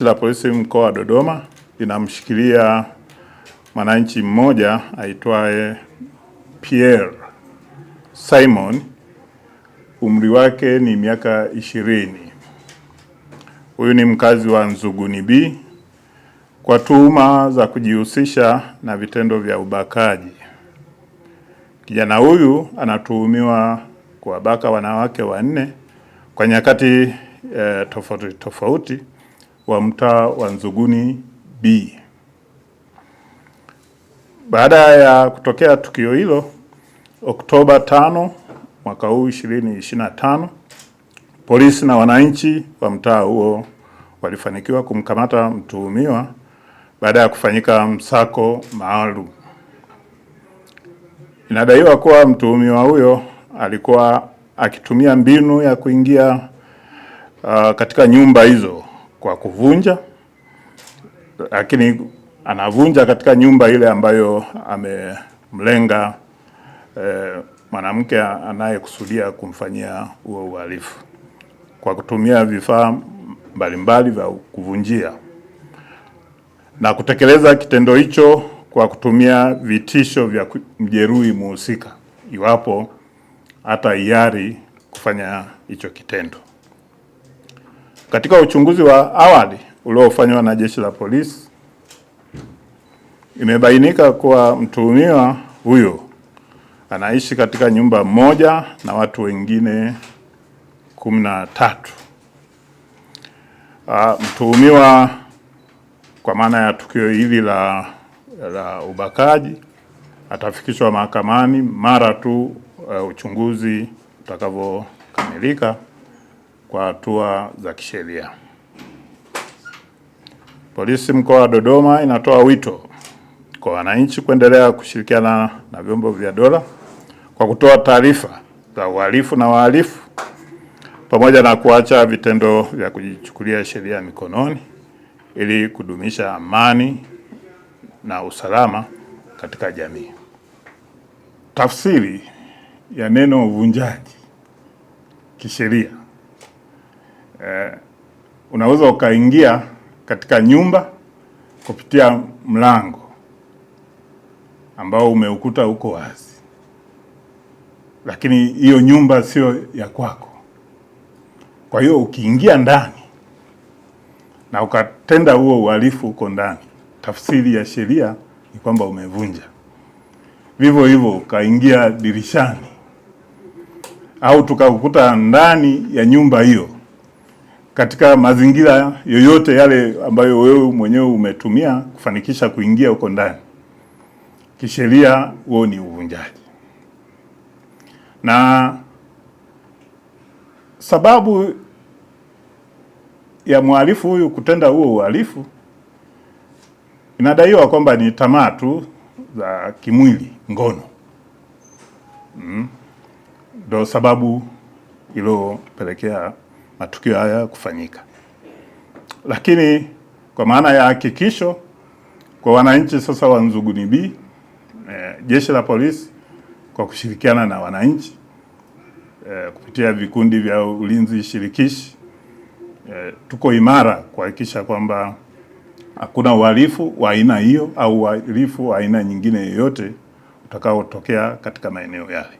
la polisi mkoa wa Dodoma linamshikilia mwananchi mmoja aitwaye Pierre Simon, umri wake ni miaka ishirini. Huyu ni mkazi wa Nzuguni B kwa tuhuma za kujihusisha na vitendo vya ubakaji. Kijana huyu anatuhumiwa kuwabaka wanawake wanne kwa nyakati eh, tofauti tofauti wa mtaa wa Nzuguni B. Baada ya kutokea tukio hilo Oktoba 5 mwaka huu 2025, polisi na wananchi wa mtaa huo walifanikiwa kumkamata mtuhumiwa baada ya kufanyika msako maalum. Inadaiwa kuwa mtuhumiwa huyo alikuwa akitumia mbinu ya kuingia uh, katika nyumba hizo kwa kuvunja, lakini anavunja katika nyumba ile ambayo amemlenga eh, mwanamke anayekusudia kumfanyia huo uhalifu kwa kutumia vifaa mbalimbali vya kuvunjia na kutekeleza kitendo hicho kwa kutumia vitisho vya mjeruhi muhusika iwapo hata hiari kufanya hicho kitendo. Katika uchunguzi wa awali uliofanywa na jeshi la polisi, imebainika kuwa mtuhumiwa huyo anaishi katika nyumba moja na watu wengine kumi na tatu. Ah, mtuhumiwa kwa maana ya tukio hili la, la ubakaji atafikishwa mahakamani mara tu uh, uchunguzi utakavyokamilika kwa hatua za kisheria. Polisi mkoa wa Dodoma inatoa wito kwa wananchi kuendelea kushirikiana na vyombo vya dola kwa kutoa taarifa za uhalifu na wahalifu pamoja na kuacha vitendo vya kujichukulia sheria mikononi ili kudumisha amani na usalama katika jamii. Tafsiri ya neno uvunjaji kisheria eh, unaweza ukaingia katika nyumba kupitia mlango ambao umeukuta huko wazi, lakini hiyo nyumba sio ya kwako. Kwa hiyo ukiingia ndani na ukatenda huo uhalifu huko ndani, tafsiri ya sheria ni kwamba umevunja. Vivyo hivyo ukaingia dirishani au tukakukuta ndani ya nyumba hiyo katika mazingira yoyote yale ambayo wewe mwenyewe umetumia kufanikisha kuingia huko ndani, kisheria huo ni uvunjaji. Na sababu ya mhalifu huyu kutenda huo uhalifu inadaiwa kwamba ni tamaa tu za kimwili, ngono, ndo mm, sababu iliyopelekea matukio haya kufanyika. Lakini kwa maana ya hakikisho kwa wananchi sasa wa Nzuguni B, e, jeshi la polisi kwa kushirikiana na wananchi e, kupitia vikundi vya ulinzi shirikishi e, tuko imara kuhakikisha kwamba hakuna uhalifu wa aina hiyo au uhalifu wa aina nyingine yoyote utakaotokea katika maeneo yale.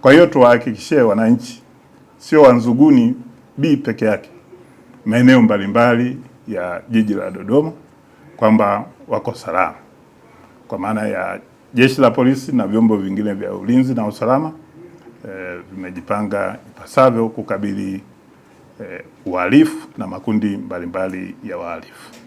Kwa hiyo tuwahakikishie wananchi, sio Wanzuguni B peke yake maeneo mbalimbali ya jiji la Dodoma kwamba wako salama kwa maana ya jeshi la polisi na vyombo vingine vya ulinzi na usalama e, vimejipanga ipasavyo kukabili eh, uhalifu e, na makundi mbalimbali ya wahalifu.